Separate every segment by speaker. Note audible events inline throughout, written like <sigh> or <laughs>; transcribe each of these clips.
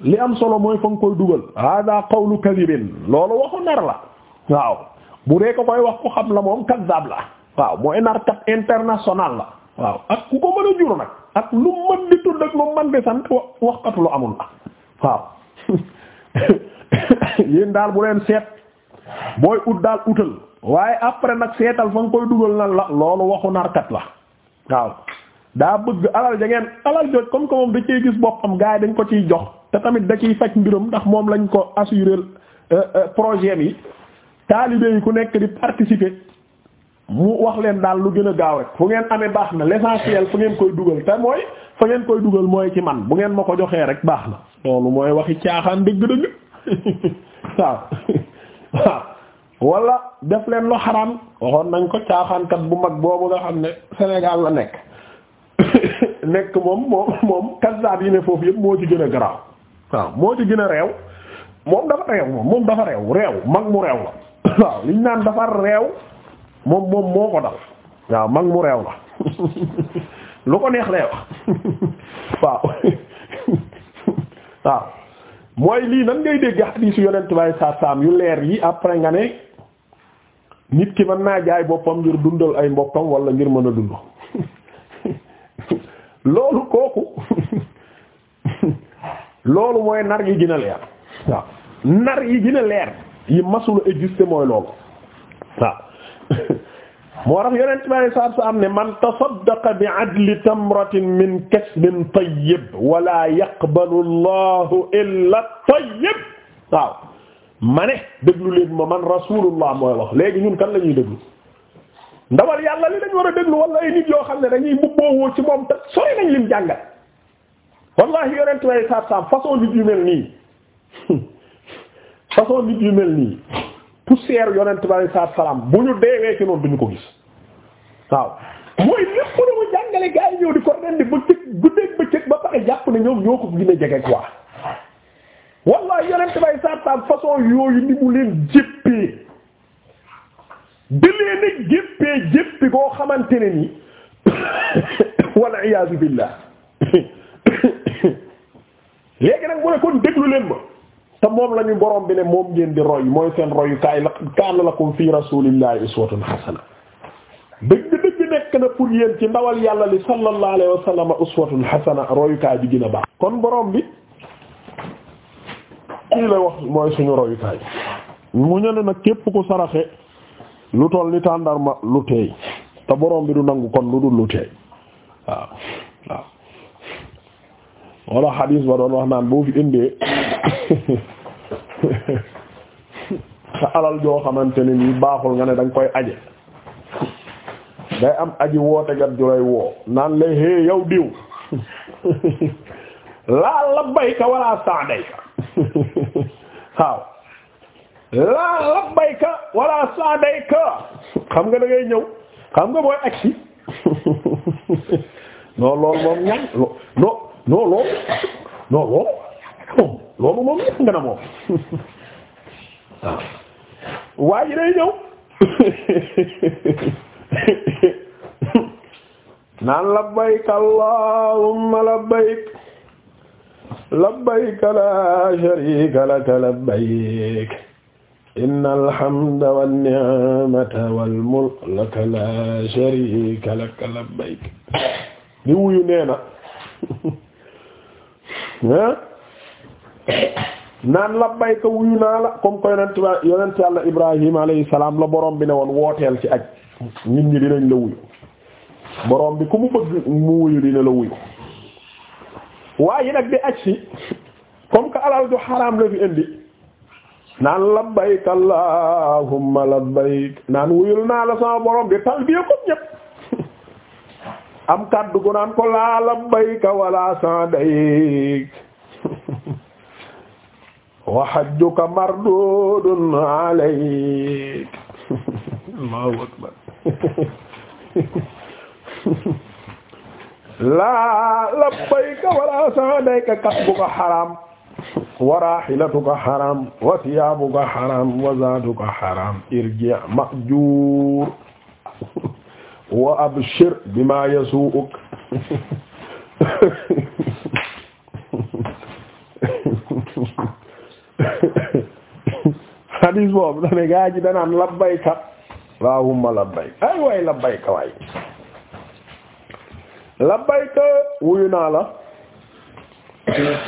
Speaker 1: li am solo mooy fa nga koy dugal hada qawlu kadibin loolu waxu nar la waaw bu dee ko koy wax ku xam la moom kazzab la waaw mooy narkat international la waaw ak ku ko mën a nag ak lu mën di lu mën di sant lu amul la waaw <laughs> yéen daal bu leen seet booy ut daal utal waaye après nag seetal fa nga koy dugal na la loolu waxu narkat la waaw daa bëgg alal ja ngeen alal jooj comme que moom da cee gis boppam gars yi dañ ko ciy jox te tamit da ciy faj mbiram ndax moom lañ ko assuré euh, euh, projet yi taalibe yi ku nekk di participer mu wax leen daal lu gën a gaaw rek fu ngeen amee baax na l'essentiel fu ngeen koy dugal te mooy fa ngeen koy dugal mooy ci man bu ngeen ma ko joxee rek baax na loolu mooy waxi caaxaan dëgg-dëgg <laughs> waaw <laughs> waaw wala def leen lu xaraam waxoon nañ ko caaxaankat bu mag boobu nga xam ne Sénégal la nekk. nekk moom moom moom kazaab yi ne foofu yëpp moo ci gën a garaaw waaw moo ci gën a reew moom dafa réew moom moom dafa réew mag mu réew liñ naan dafa réew moom moom moo ko dal waaw mag mu réew la lu ko neex lay waaw waaw mooy lii nan ngay dégg hadiis yonent bay saa saam yu leer yi après nga ne nit ki man naa jaay boppam ngir dundal ay mbokkam wala ngir mën a dund loolu kooku loolu mooy nar yi gën a leer waaw yi gën a leer yi masula exister mooy loolu waaw moo tax yonent bi alei ne man tasaddaqa bi adli tamratin min kasbin tayyib wala yaqbalu llahu illa tayyib waaw ma ne déglu leen ma man rasulullah mooy wax léegi ñun kan la ñuy déglu ndawal yàlla li dañ war a déglu wala nit yoo xam ne dañuy mubboowoo ci moom te sori nañ lim jàngal wallahi yonent way saab saab façon nit yu <laughs> façon nit yu mel nii poussière yonent way saab salaam bu ñu deewee ci noonu duñu ko gis waaw mooy lépp lu mu jàngale gaa yi ñëw di ko rendi bëccëg bëccëg ba pare jàpp ne ñoom ñoo ko gën jege quoi wallahi yonent way saab saab façon yooyu ni mu leen jéppee di leen a jéppee jéppi koo xamante ne ni <coughs> wal iyaazu billah <coughs> léegi nag mu ne kon déglu leen ma te moom la borom bi ne moom ngeen di roy mooy seen royukaay la kaana lakum fi rasulillahi uswatun hasana dëgg-dëgg nekk na pour yéen ci ndawal yàlla li sallallahu alayhi wa sallam uswatun royukaay bi gën a baax. kon borom bi kii la wax mooy suñu royukaay mu ñëw nag képp ku saraxe. lu toll ni tàndarma lu teey te borom bi du nangu kon lu dul lu teey waaw waaw walla xadiis ba doon wax naan boo fi indee sa alal joo xamante ne nii baaxul nga ne danga koy aje day am aji woote gat ju lay woo naan la hee yow diw <laughs> laa labbayka wala sa'dayka <laughs> waaw laa labbayka wala sa'dayka xam nga da ngay ñëw xam nga booy agsi non moom ñan non non loolu non loolu moom moom ñëpp nga na moom <laughs> waaw waa ji day ñëw <laughs> naan labbayk allahumma labbayk labbayk la sharika laka labbayk inna alhamda wan ni'mata wal mulk laka laa sharika laka labbayk li wuyu nee na <laughs> naan labbayka wuyu naa la comme que yonent yonent yàlla Ibrahima alayhi la borom bi ne woon wooteel ci aj nit ñi dinañ la wuyu borom ku mu bëgg mu wuyu dina la wuyu waaye nag di aj si comme alal ju xaraam la fi indi. naan labbayk allahumma labbayk naan wuyul naa la sama borom di talbiya ko <laughs> am kaddu gu naan ko laa labbayka wala sa'dayk <laughs> wa hajjuka mardudun alayk <laughs> laa labbayka wala sa'dayka kas bu ko xaraam wa rahilatuka haram wa thiyabuka haram wa zaatuka haram irji' mahjur <laughs> wa abshir bima yasu'uk <laughs> hadis boobu dane gaa ji danaan labbayka allahumma labbayka ay waay labbayka waay labbayka wuyu naa la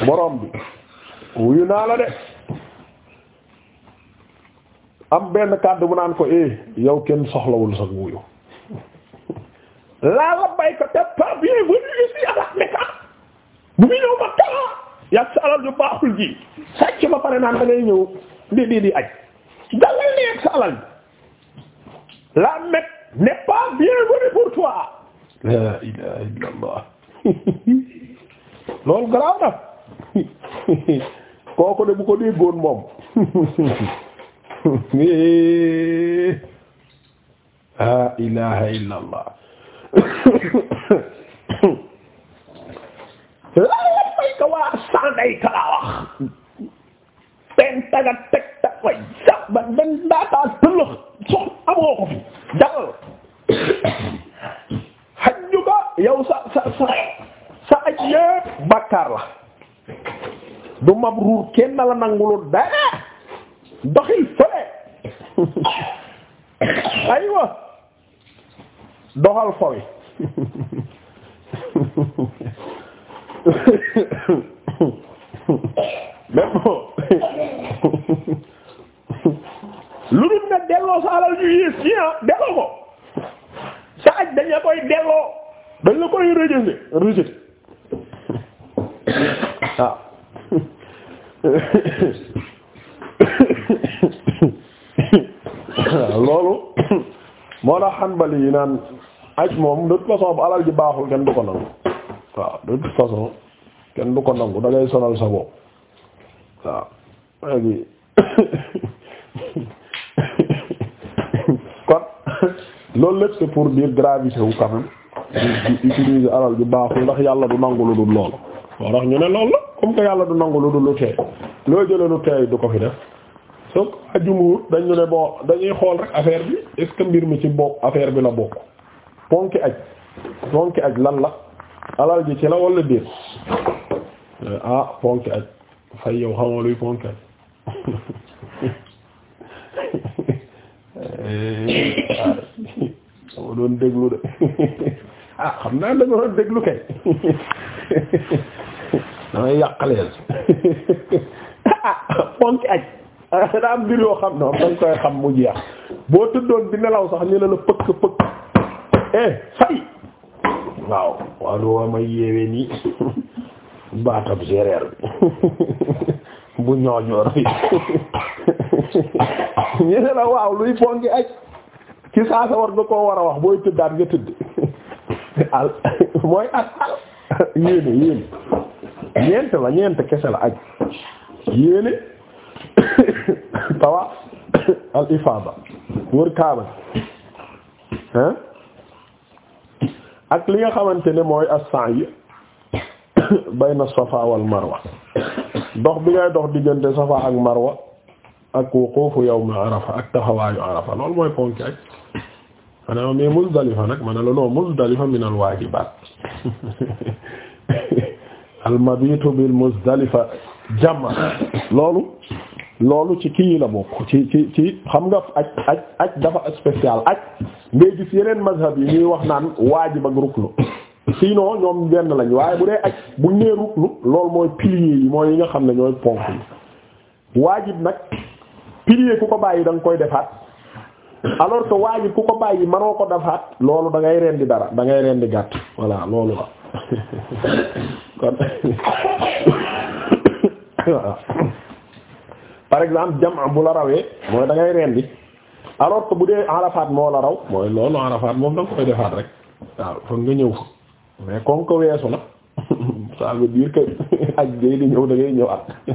Speaker 1: borom bi wuyu naa la de am benn kàddu bu naan ko eh yow kenn soxlawul sax wuyu laa la bay ko te bien venu ici naan ngay ñëw di di met n'est pas bienvenue pour toi la ilaha illallah <laughs> loolu garaaw na <laughs> kooku de bu ko déggoon moom la ilaha illa allah laa bayka waa sandayka laa wax ten taga teg ta way sa ba den daataa tëllëx sox amoo ko fi jagal xajju ga sa sa sa sa aj yépp la du mabruur kenn la nangulul dara doxil fële aywa doxal fowi même lu dul nga delloo sa alal ju yées yi ah ko sa aj dañ la koy delloo dañ la koy rejeté rejeté hanbali yi naan aj moom de toute façon bu alal ji baaxul kenn du ko nangu waaw de toute façon kenn du ko nangu da ngay sonal sa bopp waaw léegi <laughs> kon loolu lépp c'est pour dire gravité wu quand même di utiliser alal ji baaxul ndax yàlla du nangu lu dul loolu moo tax ñu ne loolu la comme que yàlla du nangu lu dul lu loo jëlee lu tey du ko fi def donc ajumuur dañu ne bon dañuy xool rek affaire bi est mbir mi ci bokk affaire bi la bokk ponki aj ponki aj lan la alal ji ci la wala déet euh, ah yow xamoo luy ponki <laughs> ah, xam naa dama doon déglu kay <laughs> damay yàqaleel <laughs> ah, ponki aj <laughs> daa am mbir yoo xam non dañ koy xam mu jeex boo tëddoon di nelaw sax ñu ne la pëkk pëkk eh fay waaw waaw lu ma may yeewee nii <laughs> baatab géréer bi <laughs> bu ñooñoor bi ñu ne waaw luy ponki aj ci saasa war war a wax booy tëddaat nga tëdd al mooy at al yéene yéene ñeent la ñeent kese la aj yéene <coughs> tawaaf al ifaada wër kaaba hein ak li nga xamante ne mooy as-sa'i <coughs> bayna safa wal marwa dox bi ngay dox diggante safa ak marwa ak wuqufu yawm arafa ak taxawaayu arafa loolu mooy ponk ak xanaa mais muzdalifa nag ma ne muzdalifa min al waajibaat <laughs> al mabitu bil muzdalifa jama loolu loolu ci kii la bokk ci ci ci xam nga ak aj aj dafa spécial aj ngay gis yeneen mazhab yi ñuy wax naan waajib ak ruknu sinon ñoom benn lañ waaye bu dee ak buñ nee ruknu loolu mooy piliers yi mooy yi nga xam ne ñooy ponk yi waajib nag pilier ku ko bàyyi da koy defaat alors que waajib ku ko bàyyi manoo ko defaat loolu da ngay rendi dara da ngay rendi gàtt voilà loolu la <laughs> kon <laughs> par exemple jamaa bu la rawee mooy da ngay rendi alors bu dee arafaat moo la raw mooy loolu arafaat moom da koy defaat rek waaw foog nga ñëw mais comme que weesu na <laughs> ça veut dire que <laughs> aj day di ñëw da ngay ñëw at <laughs>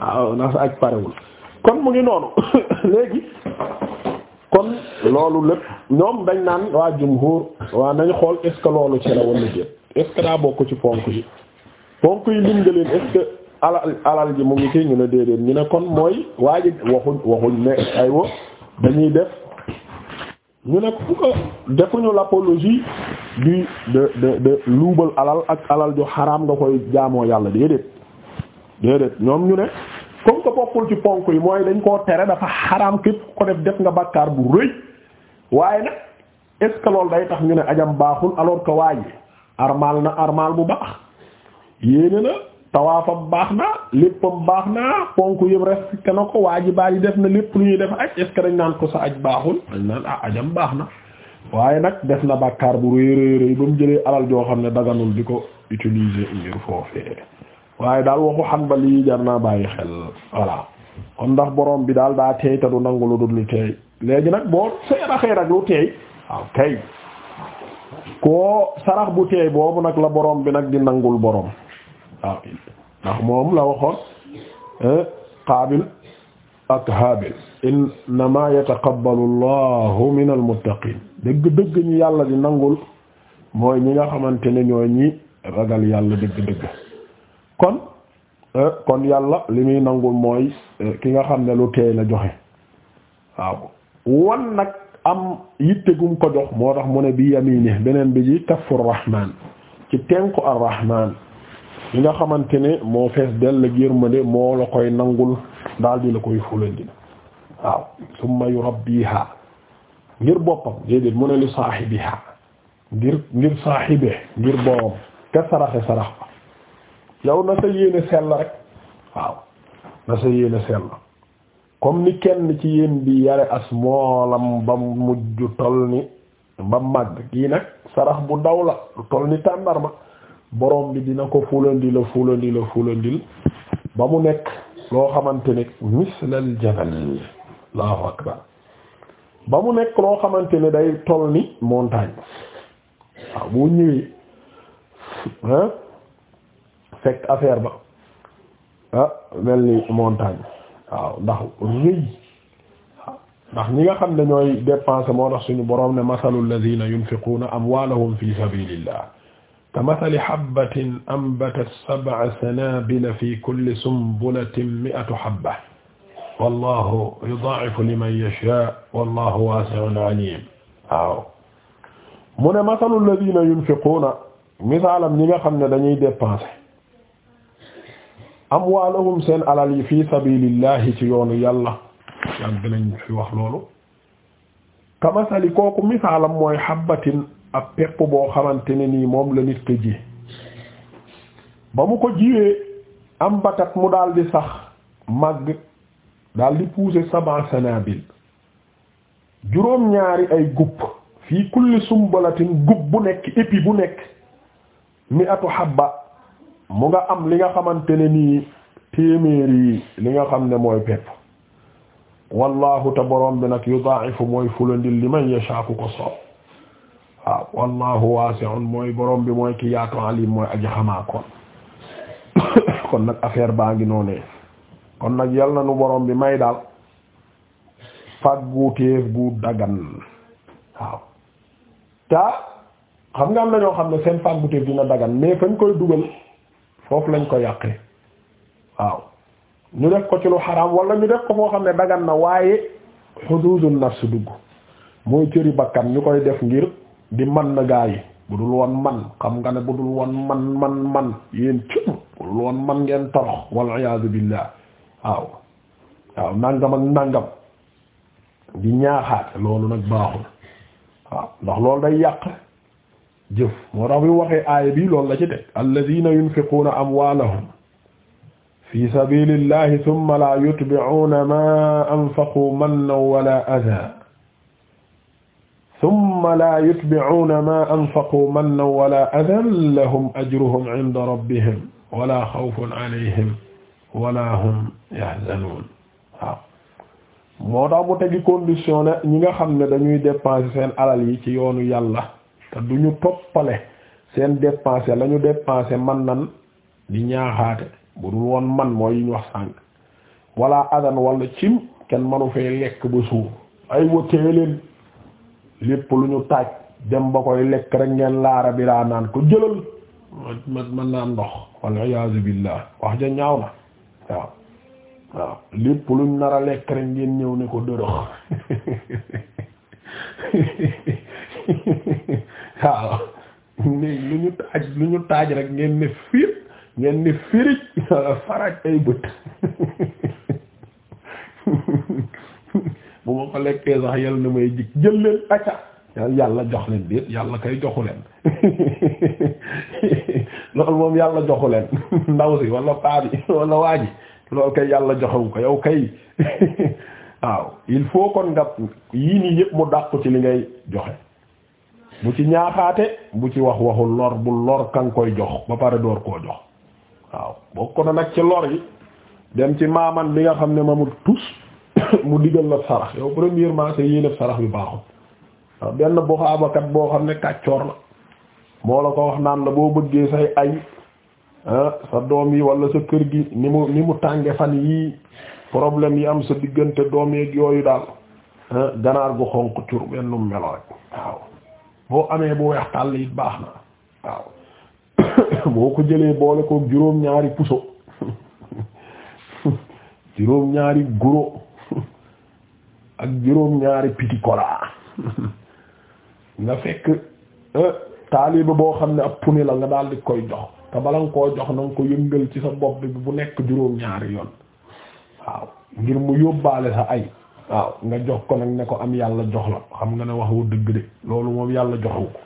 Speaker 1: waaw ndax sa aj parewul kon mu ngi noonu <coughs> léegi kon loolu lépp ñoom dañ naan waa jumhur waa nañ xool est ce que loolu ci la wala déet daa bokk ci ponk yi ponk yi lim nga leen est alal alal ji mu ngi ci ñu ne déedéet ñu ne kon mooy waa ji waxuñ waxuñ ne aywa dañuy def ñu ne ko defuñu l'apologie du de de de luubal alal ak alal ju xaram nga koy jaamoo yàlla déedéet déedéet ñoom ñu ne comme que bokkul ci ponk yi mooy dañ koo tere dafa xaraam képp ko def def nga bàkkaar bu rëy waaye nag est day tax ñu ne ajam baaxul alors que waa ji na armal bu baax yéene na tawaafam baax na léppam baax na ponk yëpp rek na ko waa ji baal yi def na lépp lu ñuy def aj est ce que dañ naan ko sa aj baaxul dañ naan ah ajam baax na waaye nag def na bàkkaar bu rëy rëy rëy ba mu jëlee alal joo xam ne daganul di ko utiliser ngir foofee waaye daal waxu Hanbali yi jar naa bàyyi xel voilà kon ndax borom bi daal daa teey te du nangu lu dul lu teey léegi nag boo seeraxee rek lu teey waaw kay koo sarax bu teey boobu nag la borom bi nag di nangul borom Qaabil ndax moom la waxoon eh, Qaabil ak Haabil innamaa yataqabbalu Allahu min al dëgg dëgg ñi yàlla di nangul mooy ñi nga xamante ne ñooy ñi ragal yàlla dëgg dëgg kon eh, kon yàlla li muy nangul mooy eh, ki nga xam ne lu teey la joxe waaw wan nag am yitte gum ko jox moo tax mu ne bi yamini beneen bi ji kaffu rahmaan ci tenku ar li nga xamante ne moo fees dell ak yërmande moo la koy nangul daal di la koy fulandi waaw summa yurabbiha ngir boppam déedéet mu ne li saahibiha ngir ngir saahibe ngir borom te saraxe sarax ba yow na sa yéene sell rek waaw na sa yéene sell comme ni kenn ci yéen bi yare as moolam ba mujj toll ni ba màgg kii nag sarax bu daw la toll ni tàndarma borom bi dina ko fulandil la fulandil la fulandil ba mu nekk loo xamante ne allahu akbar ba mu nekk loo xamante ne day toll ni montagne waaw boo ñëwee fekk affaire ba ah mel ni montagne waaw ndax rëy ndax ñi nga xam ne ñooy dépenser moo tax suñu borom ne masalul ladina yunfiquna amwalahum fi sabilillah kamathali habbatin anbatat sab'a sanabila fi kulli sumbulatin mi'atu habba wallahu yudaa'ifu liman yashaa wallahu waasi'un aliim waaw mu ne masalu alladhina yunfiquuna misaalam ñi nga xam ne dañuy dépenser amwaalahum seen alal yi fi sabilillahi ci yoonu yàlla yàgg nañ fi wax loolu kamathali kooku misaalam mooy habbatin ab pepp boo xamante ne nii moom la nit ko ji ba mu ko jiwee am batat mu daal di sax màgg daal di pousser sab'a sanabil juróom-ñaari ay gupp fii kulli sumbalatin gupp bu nekk épi bu nekk mi atu habba mu nga am li nga xamante ne nii téeméeri li nga xam ne mooy pepp wallahu te borom bi nag yudaa'ifu mooy fulandil li man yashaa ko soob wallahu wasi'un mooy borom bi mooy ki yaatu alim mooy aji xamaa kon <coughs> kon nag affaire baa ngi noonee kon nag yal na nu borom bi may daal fagguteef gu dagan waaw ta xam nga am na ñoo xam ne seen fagguteef dina dagan mais fañ koy dugal foofu lañ ko yàqee waaw ñu def ko ci lu xaraam wala ñu def ko foo xam ne dagan na waaye xududun nafs dugg mooy cëri bakkan ñu koy def ngir di man na gaa yi bu dul woon man xam nga budul bu woon man man man yéen cib bu dul man ngeen torox wal iyaazu billah waaw waaw nangam ak nangam di ñaaxaate loolu nag baaxul waaw ndax loolu day yàq jëf moo tax bi waxee aaya bi loolu la ci teg alladina yunfiquuna amwaalahum fi sabilillahi thumma la yutbi'uuna ma anfaqu mannan wala adha summa laa yutbi'uuna maa anfaquu mannan walaa adan lahum ajruhum 'inda rabbihim walaa xawfun 'alayhim walaa hum yahzanuun waaw moo tax mu tegi condition ne ñi nga xam ne dañuy dépenser seen alal yi ci yoonu yàlla te du ñu toppale seen dépenser la ñu dépenser man nan di ñaaxaate bu dul woon man mooy yi ñu wax sànk walaa wala cim kenn manu fee lekk ba suur ay wa téeleen lépp lu ñu taaj dem ba koy lekk rek ngeen laara bi naan ko jëlal ma man naan ndox walla iyaazu billaah wax ja ñaaw na waaw waaw lépp luñ nar a lekk rek ngeen ñëw ne ko dërëx <laughs> waaw lu ñu taaj lu ñu taaj rek ngeen ne fiir ngeen ne firij <laughs> faraj ay bët bu ma ko lekkee sax yàlla na may jig jël leen acca yàlla jox leen déet yàlla kay joxu leen <laughs> loolu moom yàlla joxu leen <laughs> ndaw si walla paa bi <laughs> wala waa ji yàlla joxewu ko yow kay waaw il faut kon nga yii nii yëpp mu dàqu ci li ngay joxe bu ci ñaaxaate bu ci wax waxul lor bu lor kan koy jox ba pare door koo jox waaw bokk na nag ci lor yi dem ci maaman bi nga xam ne mamul tus <coughs> mu digal la sarax yow premièrement sa yéene sarax bi baaxul waaw benn buxaabakat boo xam ne kàccoor la moo la ko wax naan la boo bëggee say ay ah, sa doom yi walla sa kër gi ni mu ni mu tànge fan yii problème yi am sa diggante doom yeeg yooyu daal ah, ganaar gu xonq cur benn melo rek waaw boo amee bu weex tàll it baax na waaw <coughs> boo ko jëlee boole ko juróom ñaari puso <laughs> juróom ñaari guro ak juróom-ñaari petit cola nga fekk euh, taaliba boo xam ne ab puni la nga daal di koy jox te bala koo jox na nga ko yëngal ci sa bopp bi bu nekk juróom-ñaari yoon waaw ngir mu yóbbaale sa ay waaw nga jox ko nag ne ko am yàlla jox la xam nga ne wax wu dëgg de loolu moom yàlla joxu ko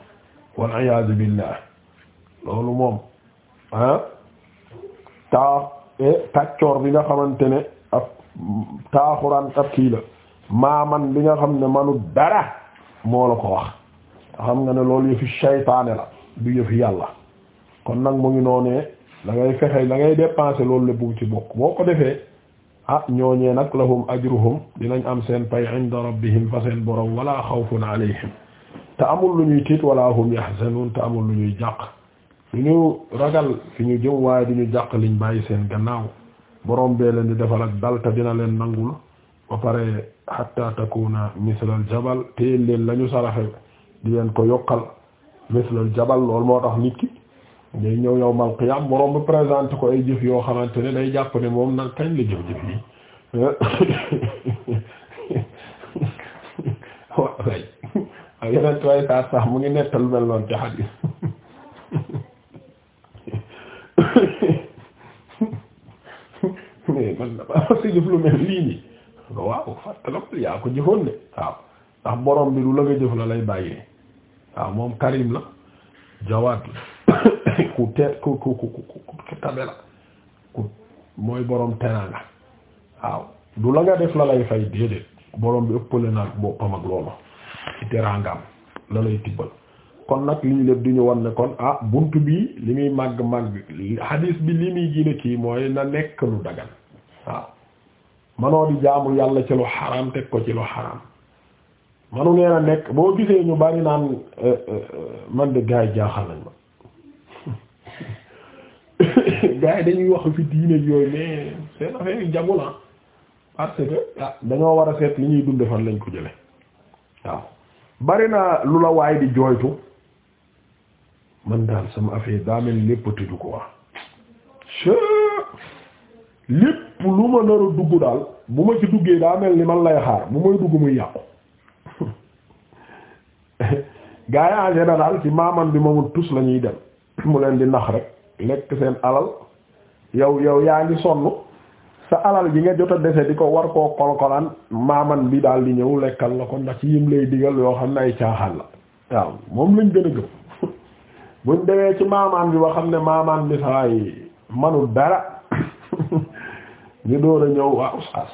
Speaker 1: wal iyaazu billaah loolu moom ah taa eh, tàccoor bi nga xamante ne ab taaxuraan ab kii la maaman bi nga xam ne manu dara moo la ko wax xam nga ne loolu yëfi shaytaane la du yëfi yàlla kon nag mu ngi noonee da ngay fexe da ngay dépenser loolu lépp bu ci bokk boo ko defee ah ñooñee nag la lahum ajruhum dinañ am seen pay inda rabbihim fa seen borom wala xawfun alayhim te amul lu ñuy tiit wala hum yahzanun te amul lu ñuy jàq lu ñu ragal fi ñu jëm waaye du ñu jàq liñ bàyyi seen gannaaw borom bee leen di defal ak dal te dina leen nangul ba pare hatta takuna mislal jabal téel leen la ñu saraxe di leen ko yokkal mislal jabal loolu moo tax nit ki day ñëw yow qiyaam borom bi présenté ko ay jëf yoo xamante ne day jàpp ne moom nag kañ la jëf jëf <laughs> mu ngi nettal mel noonu ci xadiis <laughs> <laughs> man na ba si jëf lu mel lii nii waaw fàttalakul yaa ko jëfoon de waaw ndax borom bi lu la nga jëf la lay bàyyee waaw moom Karim la Jawaad la <coughs> ku te ku ku ku ku tabe la ku mooy borom teraanga waaw lu la nga def la lay fay déedéet borom bi ëppale na ak boppam ak loolu ci teraangaam la lay tibbal kon nag li lépp di ñu wan ne kon ah bunt bi li muy màgg màgg hadis bi li muy gën kii mooy na nekk lu dagan waaw. manoo di jaamu yàlla ci lu xaraam teg ko ci lu xaraam manu nee nekk boo gisee ñu bari naan eh, eh, man de gars jaaxal nañ ma <laughs> gars dañuy wax fi diine yooyu mais seen affaire yi jagu parce que ah, dañoo war a seet li ñuy dund fan lañ ko jële waaw bari na lu la waay di jooytu man daal sama affaire daa mel lépp tëju ko wax lépp lépp lu ma nar dugg daal bu ma ci duggee daa mel ni man lay xaar bu may dugg muy yàqu <laughs> gars yi en général ci maaman bi moomul tus la ñuy dem <clears throat> mu leen di nax rek lekk seen alal yow yow yaa ngi sonn sa alal ji nga jot a dese di ko war koo kolkolaan maaman bi daal di ñëw lekkal la ko ndax yim lay digal yoo xam ne ay caaxaan la waaw moom lañ gën a gëm <laughs> buñ demee ci maamaan bi ba xam ne maamaan bi saay manul dara ñu door a ñëw waaw saas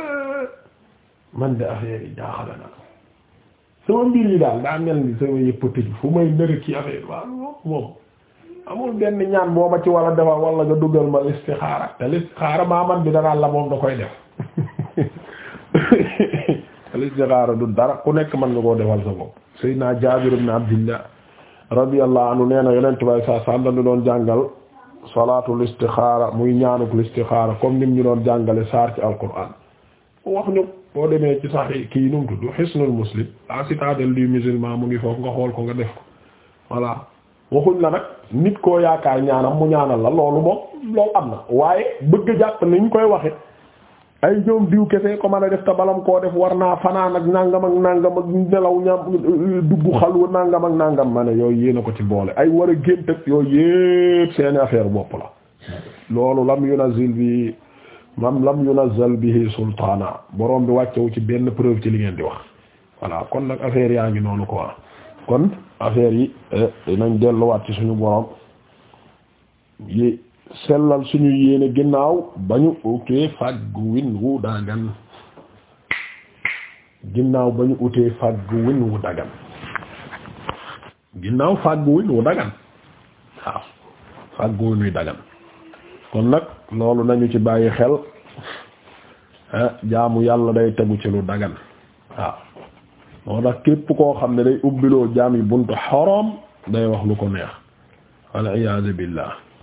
Speaker 1: <laughs> man de affaire yi jaaxal na sama mbir yi daal daa mel ni sama yëpp tëju fu may nër ci affaire waaw moom amul benn ñaan boo ma ci war a defal wala nga dugal ma listixaara te listixaara maa man bi danaan la moom da koy def <laughs> te listixaara du dara ku nekk man nga koo defal sa bopp Seydina Jaabir ibn Abdillah radiyallahu anhu nee na yonent bay saa saa dañu doon jàngal salaatul istixaara muy ñaanuk istixaara comme nim ñu doon jàngale saar ci alquran wax ñu boo demee ci sax kii nu mu tudd Hisnul Muslim la citadelle du musulman mu ngi foofu nga xool ko nga def ko voilà waxuñ la nag nit koo yaakaar ñaanam mu ñaanal la loolu moom loolu am na waaye bëgg jàpp ni ñu koy waxe ay ñoom diw kese ko mën a def te balam koo def war naa fanaan ak nangam ak nangam ak nelaw ñam dugg xalwa nangam ak nangam ma ne yooyu yéena ko ci boole ay war a gént ak yooyu yépp seeni affaire bopp la loolu lam yunazil bi mam lam yunazal bihi sultaana boroom bi wàccewu ci benn preuve ci li ngeen di wax voilà kon nag affaire yaa ngi noonu quoi kon affaire yi eh, nañ delluwaat ci suñu borom yi sellal suñu yéene ginnaaw bañu utee fàgguwin wu dagan ginnaaw bañu utee fàgguwin wu dagan ginnaaw fàgguwin wu dagan waaw fàgguwin wu dagan kon nag loolu nañu ci bàyyi xel ah, jaamu yàlla day tegu ci lu dagan waaw moo tax képp koo xam ne day ubbiloo jaam yi bunt xoroom day wax lu ko neex wal iyaazu billaah